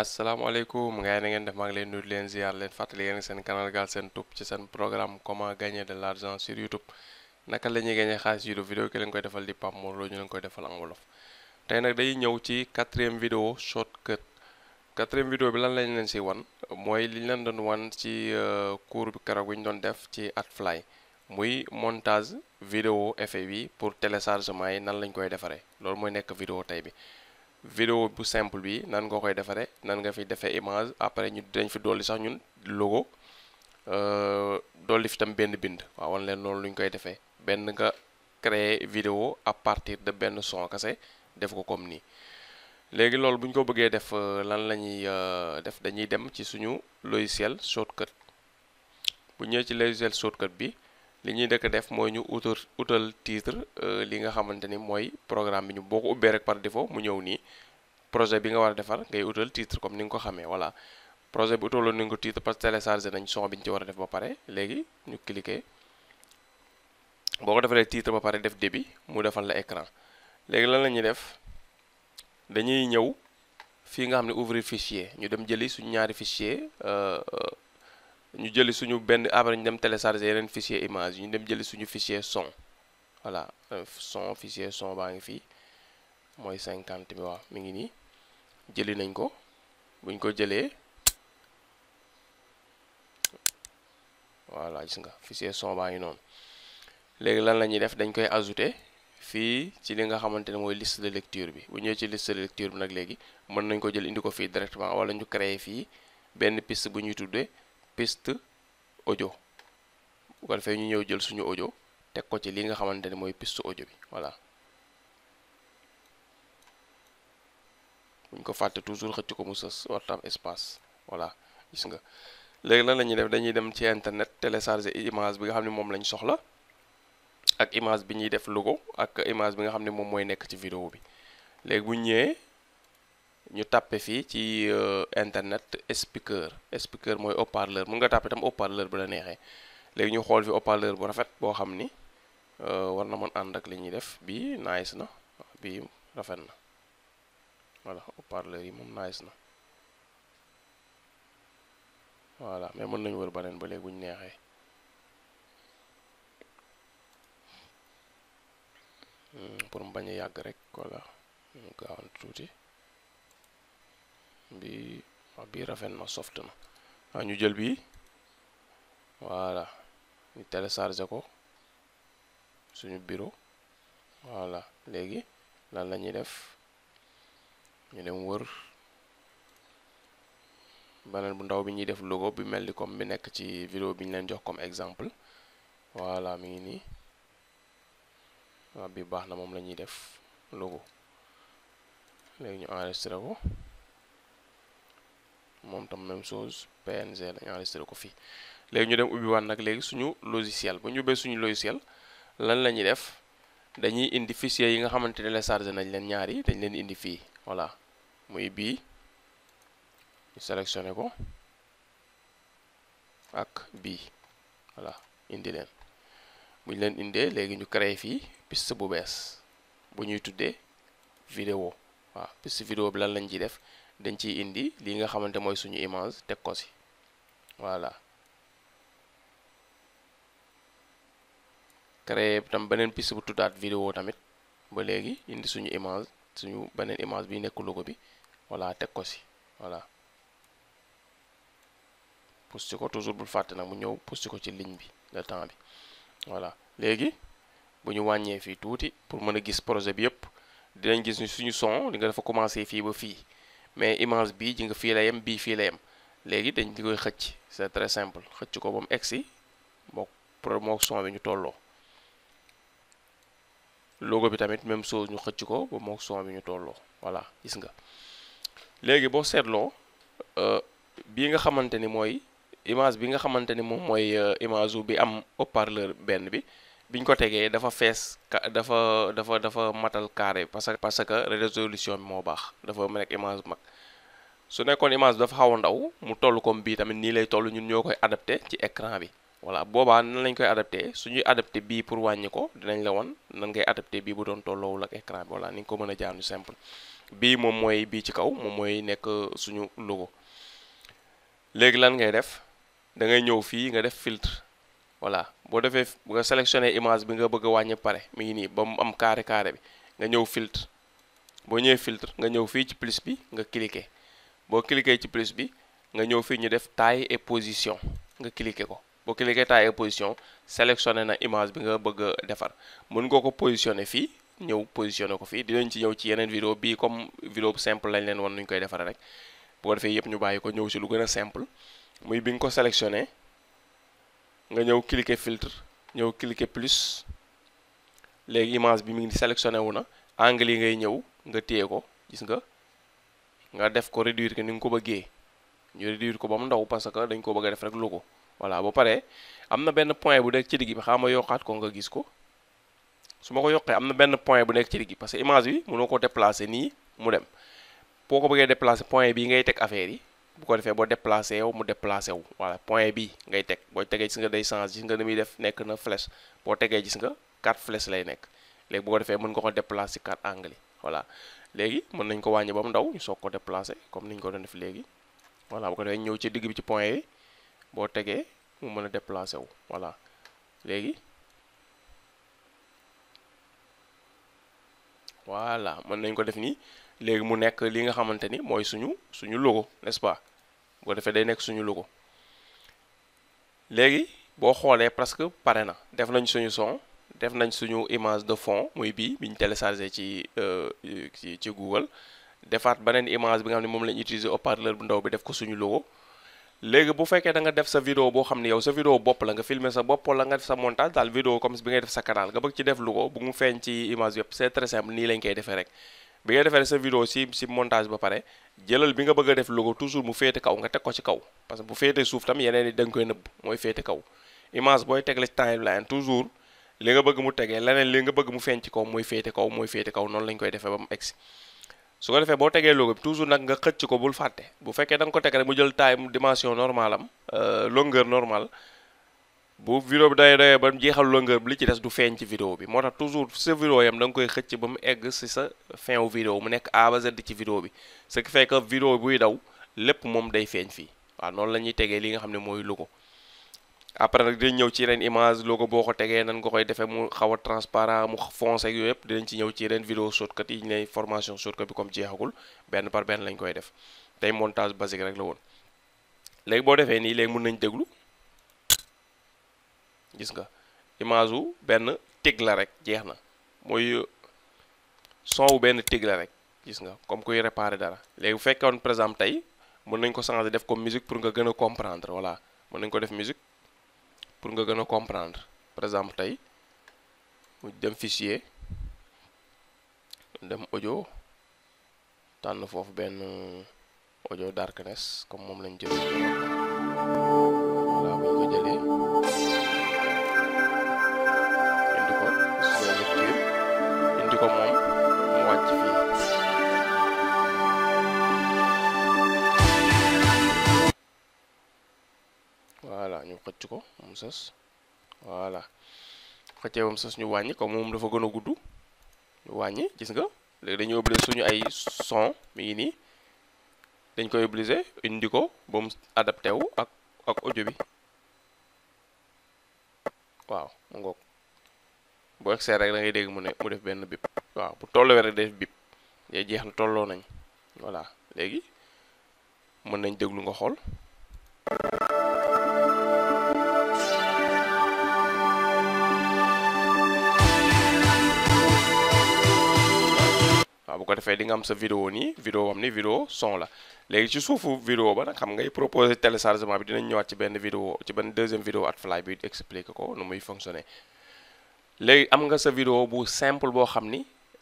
asalaamaaleykum gars yi na ngeen def maa ngi leen nuyu leen ziar leen fàttali yéen seen canal Galsen Tube ci seen programme comment gagner de l'argent sur YouTube naka la ñuy gagner xaalis YouTube vidéo ki leen koy defal di Pape Mor Lo ñu leen koy defal en wolof tey nag day ñëw ci quatrième vidéo shortcut quatrième vidéo bi lan lañ leen si wan mooy liñ leen doon wan ci euh, cours bi keroog bi ñu doon def ci AdFly muy montage vidéo effet bi pour téléchargement yi nan lañ koy defaree loolu mooy nekk vidéo tey bi vidéo bu simple bi nan ngoo koy defaree nan nga fi defee image après ñu dañ fi dolli sax ñun logo euh, dolli fi tam benn bind waaw leen loolu lu ñu koy defee benn nga créer vidéo à partir de benn son kese def ko comme nii léegi loolu buñ ko bëggee def euh, lan la ñuy euh, def dañuy dem ci suñu logiciel shortcut bu ñëwee ci logiciel shortcut bi li ñuy dëkk def mooy ñu utal utal titre euh, li nga xamante ni mooy programme bi ñu boo ko ubbee rek par défaut mu ñëw nii projet bi nga war a defar ngay utal titre comme ni nga ko xamee voilà projet bi utaloon nañ ko titre parce que téléchargé nañ son bi ñu ci war a def ba pare léegi ñu cliquer boo ko defalee titre ba pare def début mu defal la écran léegi lan la ñuy def dañuy ñëw fii nga xam ne ouvrir fichier ñu dem jëli suñu ñaari fichier euh, euh, ñu jëli suñu benn après ñu dem télécharger yeneen fichier image ñu dem jëli suñu fichier son voilà euh, son fichier son baa ngi fii mooy cinquante bi waaw mi ngi nii jëli nañ ko buñ ko jëlee voilà gis nga fichier son baa ngi noonu léegi lan la ñuy def dañ koy ajouter fii ci li nga xamante ne mooy liste de lecture bi bu ñëwee ci liste de lecture bi nag léegi mën nañ ko jël indi ko fii directement wala ñu créer fii benn piste bu ñuy tuddee piste audio bu ko defee ñu ñëw jël suñu audio teg ko ci lii nga xamante ne mooy piste ojo bi voilà buñ ko fàtte toujours xëcc ko mu sës warta am espace voilà gis nga léegi lan la ñuy def dañuy dem ci internet télécharger image bi nga xam ne moom lañ soxla ak image bi ñuy def logo ak image bi nga xam ne moom mooy nekk ci vidéo bi léegi bu ñëwee ñu tàppe fii ci euh, internet speaker speaker mooy haut-parleur mun nga tàppe tam haut-parleur bu la neexee léegi ñu xool fi haut bu rafet boo xam ni euh, war na mën ànd ak li ñuy def bii nice na bii rafet na voilà haut yi moom nice na voilà mais mën nañu wër baneen ba léegi bu ñu neexee hmm, pour mu bañ a yàgg rek voilà ñu gaawantu tuuti bi waaw bii rafet na soft na waaw ñu jël bii voilà ñu téléchargé ko suñu bureau voilà léegi lan la ñuy def ñu dem wër beneen bu ndaw bi ñuy def logo bi mel ni comme bi nekk ci vidéo bi ñu leen jox comme exemple voilà mi ngi nii waaw bi baax na moom la ñuy def logo léegi ñu enregistré ko moom tam même chose PNG lañu enregistré ko fii léegi ñu dem ubbi waan nag léegi suñu logiciel bu ñu ubbee suñu logiciel lan la ñuy def dañuy indi fichier yi nga xamante ne chargé nañ leen ñaari dañ leen indi fii voilà muy bii ñu ko ak bii voilà indi leen buñ leen indee léegi ñu créé fii piste bu bees bu ñuy tuddee vidéo waaw piste vidéo bi lan lañ ciy def dañ ci indi lii nga xamante mooy suñu image teg ko si voilà bi tam beneen piste bu tuddaat vidéo tamit ba léegi indi suñu image suñu beneen image bi nekk ko bi voilà teg ko si voilà poste ko toujours bul fàtte nag mu ñëw poste ko ci ligne bi le temps bi voilà léegi bu ñu wàññee fii tuuti pour mën a gis projet bi yëpp dinañ gis ni suñu son di nga defa commencé fii ba fii mais image bii ji nga fii la yem bii fii la yem léegi dañ di koy xëcc c'est très simple xëcc ko ba mu egg si mook promotion bi ñu tolloo logo bi tamit même chose ñu xëcc ko ba mook son bi ñu tolloo voilà gis nga léegi boo seetloo euh, bii nga xamante ni mooy image bi nga xamante ni moom mooy euh, image bi am haut benn bi biñ ko tegee dafa fees dafa dafa dafa matal carré parce que parce que résolution bi moo baax dafa nekk image mag su nekkoon image dafa xaw a ndaw mu toll comme bii tamit nii lay toll ñun ñoo koy adapté ci écran bi voilà boobaa nan lañ koy adapté suñuy adapté bii pour wàññi ko dinañ la won nan adapté bii bu doon tolloowul ak écran bi voilà ni nga ko mën a jaanu simple bii moom mooy bii ci kaw moom mooy nekk euh, suñu logo léegi lan ngay def da ngay ñëw fii nga def filtre voilà boo defee nga sélectionné image bi nga bëgg wàññi pare mi ngi nii ba mu am carré carré bi nga ñëw filtre boo ñëwee filtre nga ñëw fii ci plus bi nga cliqué boo cliqué ci plus bi nga ñëw fii ñu def taille et position nga cliqué ko boo cliqué taille et position sélectionné na image bi nga bëgg a defar mën nga ko positionné fii ñëw positionné ko fii dinañ ci ñëw ci yeneen vidéo bii comme vidéo bu simple lañ leen wan nuñ koy defaree rek boo ko defee ñu bàyyi ko ñëw si lu gën a simple muy bi nga ko sélectionné nga ñëw cliquer filtre ñëw cliquer plus léegi image bi mu ngi sélectionné wu na angle yi ngay ñëw nga téye ko gis nga nga def ko réduire ko ni nga ko bëggee ñu réduire ko ba mu ndaw parce que dañ ko bëgg def rek ko voilà ba pare am na benn point bu nekk ci digg bi xam nga yokkaat ko nga gis ko su ma ko yokkee am na benn point bu nekk ci digg parce que image bi mënoo ko déplacer nii mu dem boo ko bëggee déplacer point bii ngay teg affaire yi bu ko defee boo déplacé yow mu déplacé wu voilà point bi ngay teg boo tegee si nga day change gis nga ni muy def nekk na flèche boo tegee gis nga quatre flèche lay nekk léegi bu ko defee mën nga ko déplacé ci quatre angles voilà léegi mën nañ ko wàññi ba mu ndaw ñu soog ko déplacé comme niñ ko doon def léegi voilà bu ko defee ñëw ci digg bi ci point boo tegee mu mën a déplacé wu voilà léegi voilà mën nañ ko def nii léegi mu nekk li nga xamante ni mooy suñu suñu logo n'est-ce pas bu ko nekk suñu logo léegi boo xoolee presque pare na def nañ suñu son def nañ suñu image de fond muy bii bi ñu téléchargé ci euh, ci ci Google defaat beneen image bi nga xam ne moom lañ utiliser haut-parleur bu ndaw bi def ko suñu logo léegi bu fekkee da nga def sa vidéo boo xam ne yow sa vidéo bopp la nga filmer sa bopp wala nga def sa montage daal vidéo comme bi ngay def sa canal nga bëgg ci def logo bu mu feeñ ci image yëpp nii lañ koy defee rek. bi ngay defee sa vidéo si si montage ba pare jëlal bi nga bëgg a def logo toujours mu féete kaw nga teg ko ci kaw parce que bu féete suuf tam yeneen yi da nga koy nëbb mooy féete kaw image booy tegle ci timeline toujours li nga bëgg mu tegee leneen li nga bëgg mu feeñ ci kaw mooy féete kaw mooy féete kaw noonu lañ koy defee ba mu egsi su ko defee boo tegee logo bi toujours nag nga xëcc ko bul fàtte bu fekkee danga ko teg rek mu jël taille dimension normale am euh, longueur normale bu vidéo bi day doyee ba jeexal longueur bi li ci des du feeñ ci vidéo bi moo tax toujours sa vidéo yam da nga koy xëcc ba mu egg si sa fin wu vidéo mu nekk A ba Z ci vidéo bi ce qui fait que buy daw lépp moom day feeñ fii waaw noonu la ñuy tegee li nga xam ne mooy logo après nag dinañ ñëw ci ren image logo boo ko tegee nan nga koy defee mu xaw a transparent mu foncé ak dinañ ci ñëw ci yeneen vidéo shortcut yi ñu ne formation shortcut bi comme jeexagul benn par benn lañ koy def tey montage basique rek la woon boo defee nii léegi mën nañ déglu gis nga image wu benn tig la rek jeex na mooy son benn tig la rek gis nga comme kuy réparer dara léegi bu fekkoon par exemple tey mën nañ ko changer def ko musique pour nga gën a comprendre voilà mën nañ ko def musique pour nga gën a comprendre par exemple tey mu dem fichier dem ojo tànn foofu benn audio darkness comme moom lañ jël xëcc ko moom sës voilà xëccee moom sës ñu wàññi comme moom dafa gën a gudd ñu wàññi gis nga léegi dañuy obliger suñu ay son mi ngi nii dañ koy obliger indi ko ba mu adapté wu ak ak audio bi waaw mu ngoog bu egsee rek da ngay dégg mu ne mu def benn bip waaw bu tolloo rek def bip day jeex na tolloo nañ voilà léegi mën nañ déglu nga xool waaw bu ko defee di nga am sa vidéo nii vidéo am ni vidéo son la léegi si suufu vidéo ba nag xam ngay proposer téléchargement bi dinañ ñëwaat ci benn vidéo ci benn deuxième vidéo Adfly bi expliqué ko nu muy fonctionner léegi am nga sa vidéo bu simple boo xam ni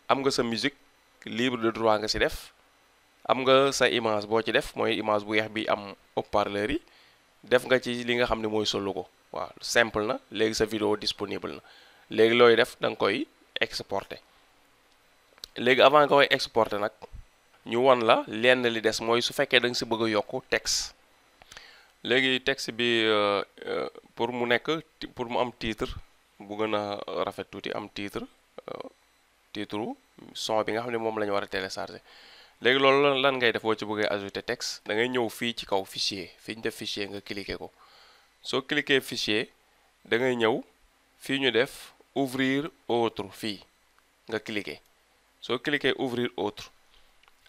am nga sa musique libre de droit nga si def am nga sa image boo ci def mooy image bu weex bi am haut yi def nga ci li nga xam ne mooy solu ko waaw simple na léegi sa vidéo disponible na léegi looy def da nga koy exporter léegi avant nga koy exporter nag ñu won la lenn li des mooy su fekkee da nga si bëgg a yokk texte léegi texte bi euh, euh, pour mu nekk pour mu am tiitre bu gën a rafet tuuti am tiitre titre euh, son bi nga xam ne moom la ñu war a télécharger léegi loolu lan ngay def boo ci bëggee ajouter texte dangay ñëw fii ci kaw fichier fii ñu def fichier nga cliquer ko soo cliquer fichier da ngay ñëw fii ñu def ouvrir autre fii nga cliquer soo cliquer ouvrir autre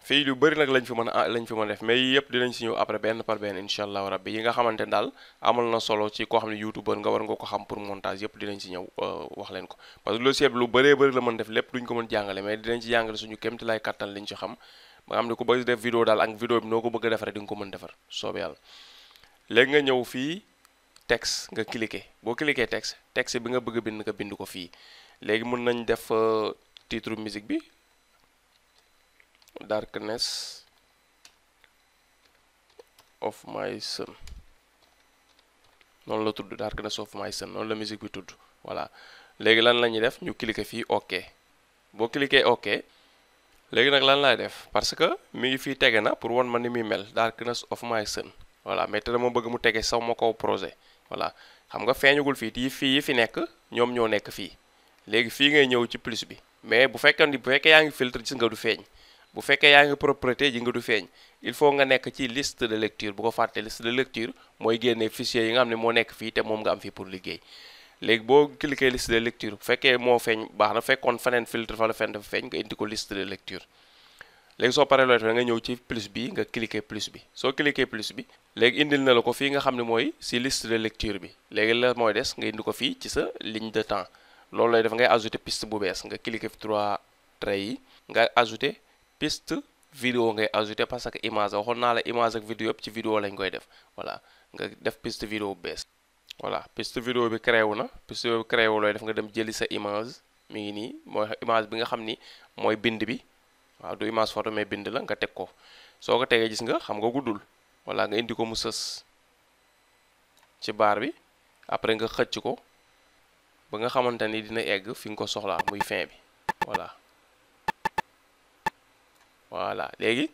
fii lu bëri nag lañ fi mën a ah, lañ fi mën def mais yii yëpp dinañ si ñëw après benn par benn incha allahu rabbi yi nga xamante ne daal amal na solo ci koo xam ne youtubeur nga war nga ko xam pour montage yëpp dinañ si ñëw euh, wax leen ko parce que lu bëree bëri la mën def lépp duñ ko mën jàngale mais dinañ ci jàngale suñu kémti lay kattan liñ ci xam ba nga xam ne ku bëgg def vidéo daal ak vidéo bi noo ko bëgg a defaree di nga ko mën defar soobe yàlla léegi nga ñëw fii texte nga cliquer boo cliquer texte texte bi nga bëgg a bind nga ko fii léegi mën nañ def euh, titre musique bi darkness of my sun noonu la tudd darkness of my sun noonu la musique bi tudd voilà léegi lan la ñuy def ñu cliquer fii ok boo cliquer ok léegi nag lan laay def parce que mu ngi fii tege na pour wan ma ni muy mel darkness of my sun voilà mais te dama bëgg mu tege ma kaw projet voilà xam nga feeñagul fii ti fii yi fi nekk ñoom ñoo nekk fii léegi fii ngay ñëw ci plus bi mais bu fekk ni bu fekkee yaa ngi filtre gis nga du feeñ bu fekkee yaa ngi propriété ji nga du feeñ il faut nga nekk ci liste de lecture bu ko fàtte liste de lecture mooy génne fichier yi nga xam ne moo nekk fii te moom nga am fii pour liggéey léegi boo cliquer liste de lecture bu fekkee moo feeñ baax na fekkoon feneen filtre fa la feneen dafa feeñ nga indi ko liste de lecture léegi soo paree loolu da nga ñëw ci plus bi nga cliquer plus bi soo cliquer plus bi léegi indil na la ko fii nga xam ne mooy si liste de lecture bi léegi la mooy des nga indi ko fii ci sa ligne de loolu lay def ngay ajouter piste bu bees nga cliquer trois traits yi nga ajouter piste vidéo ngay ajouté parce que image waxoon naa la image ak vidéo yëpp ci vidéo lañ koy def voilà nga def piste bu bees voilà piste vidéo bi créé wu na piste vidéo bi créé looy def nga dem jëli sa image mi ngi nii mooy image bi nga xam ni mooy bind bi waaw du image photo mais bind la nga teg ko soo ko tegee gis nga xam nga guddul voilà nga indi ko mu sës ci baar bi après nga xëcc ko ba nga xamante ni dina egg fi nga ko soxlaa muy fin bi voilà voilà léegi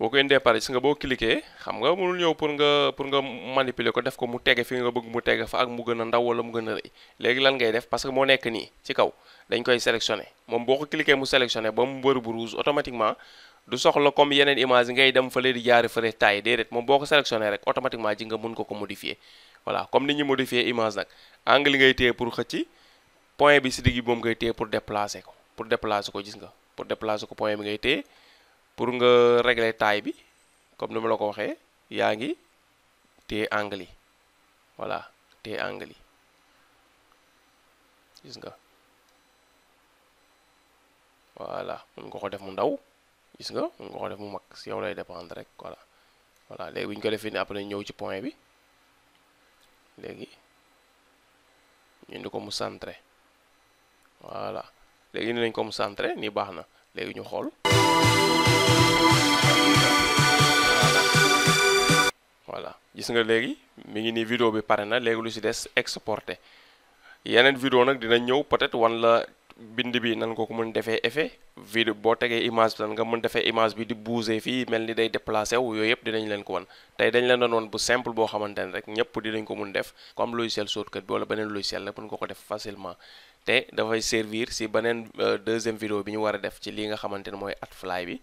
boo ko indee pare gis nga boo cliquer xam nga mënul ñëw pour nga pour nga manipuler ko def ko mu tege fi nga bëgg mu tege fa ak mu gën a ndaw wala mu gën a rëy léegi lan ngay def parce que moo nekk nii ci kaw dañ koy sélectionné moom boo ko cliquer mu sélectionné ba mu bëri bu rouge automatiquement du soxla comme yeneen image ngay dem fële di jaari fële taay déedéet moom boo ko sélectionné rek automatiquement ji nga mun ko ko modifier voilà ni ñuy modifier image nag angle ngay téye pour xëcc point bi si digg bi moom ngay pour déplacer ko pour déplacer ko gis nga pour déplacer ko point bi ngay téye pour nga régler taille bi comme ni ma la ko waxee yaa ngi téye angle yi voilà téye angle gis nga voilà mun nga ko def mu ndaw gis nga mun nga ko def mu mag si yow lay dépendre rek voilà voilà léegi bu ñu ko defee ni après ñëw ci point bi léegi ñu indi ko mu centré voilà léegi ni nañ ko mu centré nii baax na léegi ñu xool voilà gis nga léegi mu ngi nii vidéo bi pare na léegi lu si des exporté yeneen vidéo nag dina ñëw peut-être wan la bind bi nan ko ko mën defee efe vidéo boo tegee image bi nan nga mën defee image bi di bouger fii mel ni day déplacé wu yooyu yëpp dinañ leen ko wan tey dañ leen doon wan bu simple boo xamante ne rek ñëpp dinañ ko mun def comme logiciel Shotcut bi wala beneen logiciel la mën ko ko def facilement te dafay servir si beneen euh, deuxième vidéo bi ñu war a def ci lii nga xamante ne mooy Adfly bi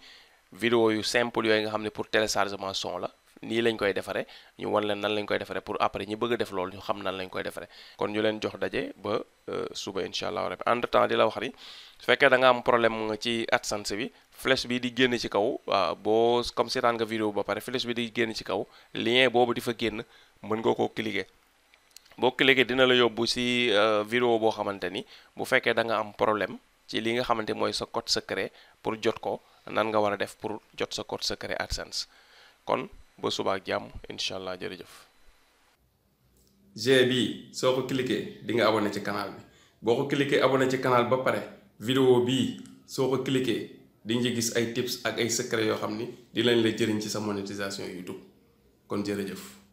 vidéo yu simple yooyu nga xam ne pour téléchargement son la nii lañ koy defaree ñu wan leen nan lañ koy defaree pour après ñi bëgg def loolu ñu xam nan lañ koy defare kon ñu leen jox daje ba euh, suba incha allah rabbi entre temps di la wax ni su fekkee danga am problème ci AdSense bi flèche bi di génn ci kaw waaw boo comme seetaan nga vidéo ba pare flèche bi di génn ci kaw lien boobu di génn mën nga koo cliquer boo cliquer dina la yóbbu si euh, vidéo boo xamante ni bu fekkee da nga am problème ci li nga xamante mooy sa code secret pour jot ko nan nga war a def pour jot sa code secret AdSense kon ba subaak jàmm incha allah jërëjëf. G bi soo ko cliquer di nga na ci canal bi boo ko aboon na ci canal ba pare vidéo bi soo ko cliquer di nga gis ay tips ak ay secret yoo xam ni di lañ la jëriñ ci sa monitisation yuy YouTube kon jërëjëf.